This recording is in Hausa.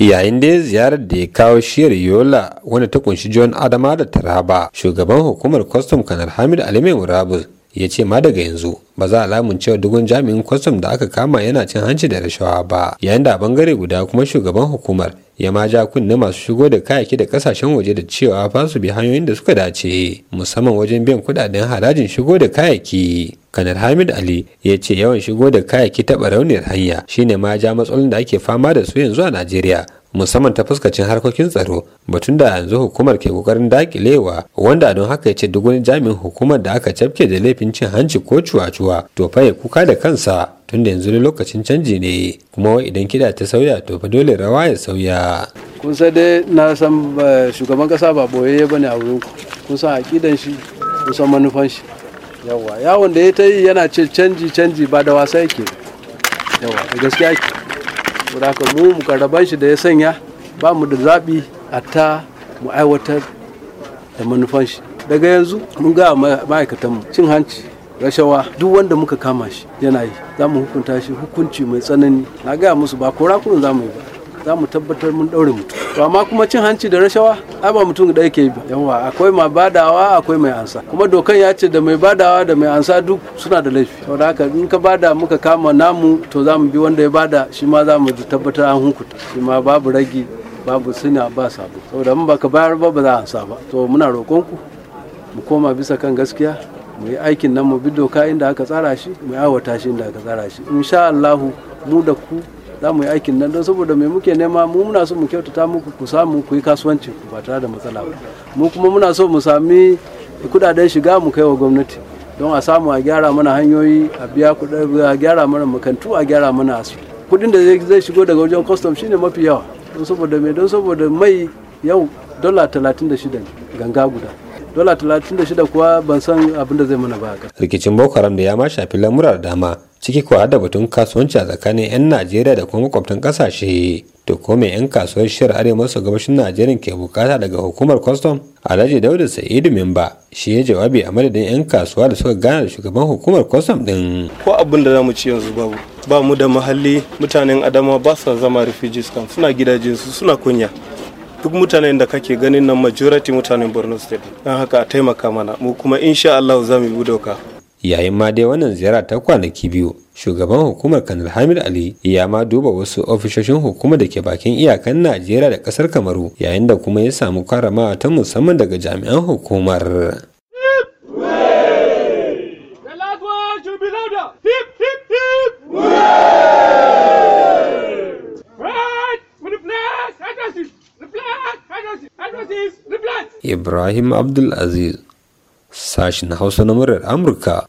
yayin da ya ziyarar da ya kawo shiyar yola wanda ta kunshi john adama da taraba shugaban hukumar kwastom kanar hamid alime Rabu, ya ce ma daga yanzu ba za a lamun cewa dugun jami'in kwastam da aka kama yana cin hanci da rashawa ba yayin da a bangare guda kuma shugaban hukumar ya ma ja kunne masu shigo da kayayyaki da kasashen waje da cewa fa su bi hanyoyin da suka dace musamman wajen biyan kudaden harajin shigo da kayayyaki kanar hamid ali ya ce yawan shigo da kayayyaki taɓa rauniyar hanya shine ma ja matsalolin da ake fama da su yanzu a najeriya musamman ta fuskacin harkokin tsaro batun da yanzu hukumar ke kokarin dakilewa wanda don haka ya ce duk wani jami'in hukumar da aka cafke da laifin cin hanci ko cuwa-cuwa to fa ya kuka da kansa tunda yanzu lokacin canji ne kuma wai idan kiɗa ta sauya to fa dole rawa ya sauya kun sai dai na san eh, shugaban kasa ba boye bane a wurin kun san akidan shi kun san manufan shi yawa yawon da ya ta yi yana ce canji canji ba da wasa yake yawa da gaskiya ke haka mu karaban shi da ya sanya ba mu da zaɓi a ta mu aiwatar da manufan shi daga yanzu mun ga ma'aikatanmu cin hanci rashawa duk wanda muka kama shi yana yi za mu hukunta shi hukunci mai tsanani na gaya musu ba kora kurun za mu yi ba za mu tabbatar mun ɗaure mutum to amma kuma cin hanci da rashawa ai ba mutum ɗaya ke ba yawa akwai mai badawa akwai mai ansa kuma dokan ya ce da mai badawa da mai ansa duk suna da laifi To da haka in ka bada muka kama namu to za mu bi wanda ya bada shi ma za mu tabbatar an hukunta shi ma babu ragi babu suna ba sabo saboda mun baka bayar ba ba za a ansa ba to muna roƙonku mu koma bisa kan gaskiya mu yi aikin nan mu bi doka inda aka tsara shi mu yi awata shi inda aka tsara shi insha Allahu mu da ku za mu yi aikin nan don saboda mai muke nema mu muna so mu kyautata muku ku samu ku yi kasuwanci ba tare da matsala ba mu kuma muna so mu sami kudaden shiga mu kai wa gwamnati don a samu a gyara mana hanyoyi a biya a gyara mana makantu a gyara mana asu kudin da zai shigo daga wajen kwastam shine mafi yawa don saboda mai don saboda mai yau dola shida ganga guda dola talatin da shida kuwa ban san abin da zai mana ba rikicin boko da ya ma shafi lamura da dama ciki ko da batun kasuwanci a tsakanin 'yan najeriya da kuma makwabtan kasashe to ko mai 'yan kasuwar shiyar arewa maso gabashin najeriya ke bukata daga hukumar kwastam alhaji dauda sa'idu mimba shi ya jawabi a madadin 'yan kasuwa da suka gana da shugaban hukumar kwastam din ko abin da zamu ci yanzu babu ba mu da mahalli mutanen adama ba sa zama refugees camp suna gidajensu suna kunya duk mutanen da kake ganin nan majority mutanen borno state don haka a taimaka mana mu kuma insha allahu za mu yi doka yayin ma dai wannan ziyara ta kwanaki biyu shugaban hukumar kanal hamid ali ya ma duba wasu ofishoshin hukumar da ke bakin iyakan najeriya da kasar kamaru yayin da kuma ya samu karamawa ta musamman daga jami'an hukumar Ibrahim Abdulaziz, sashin Hausa na murar Amurka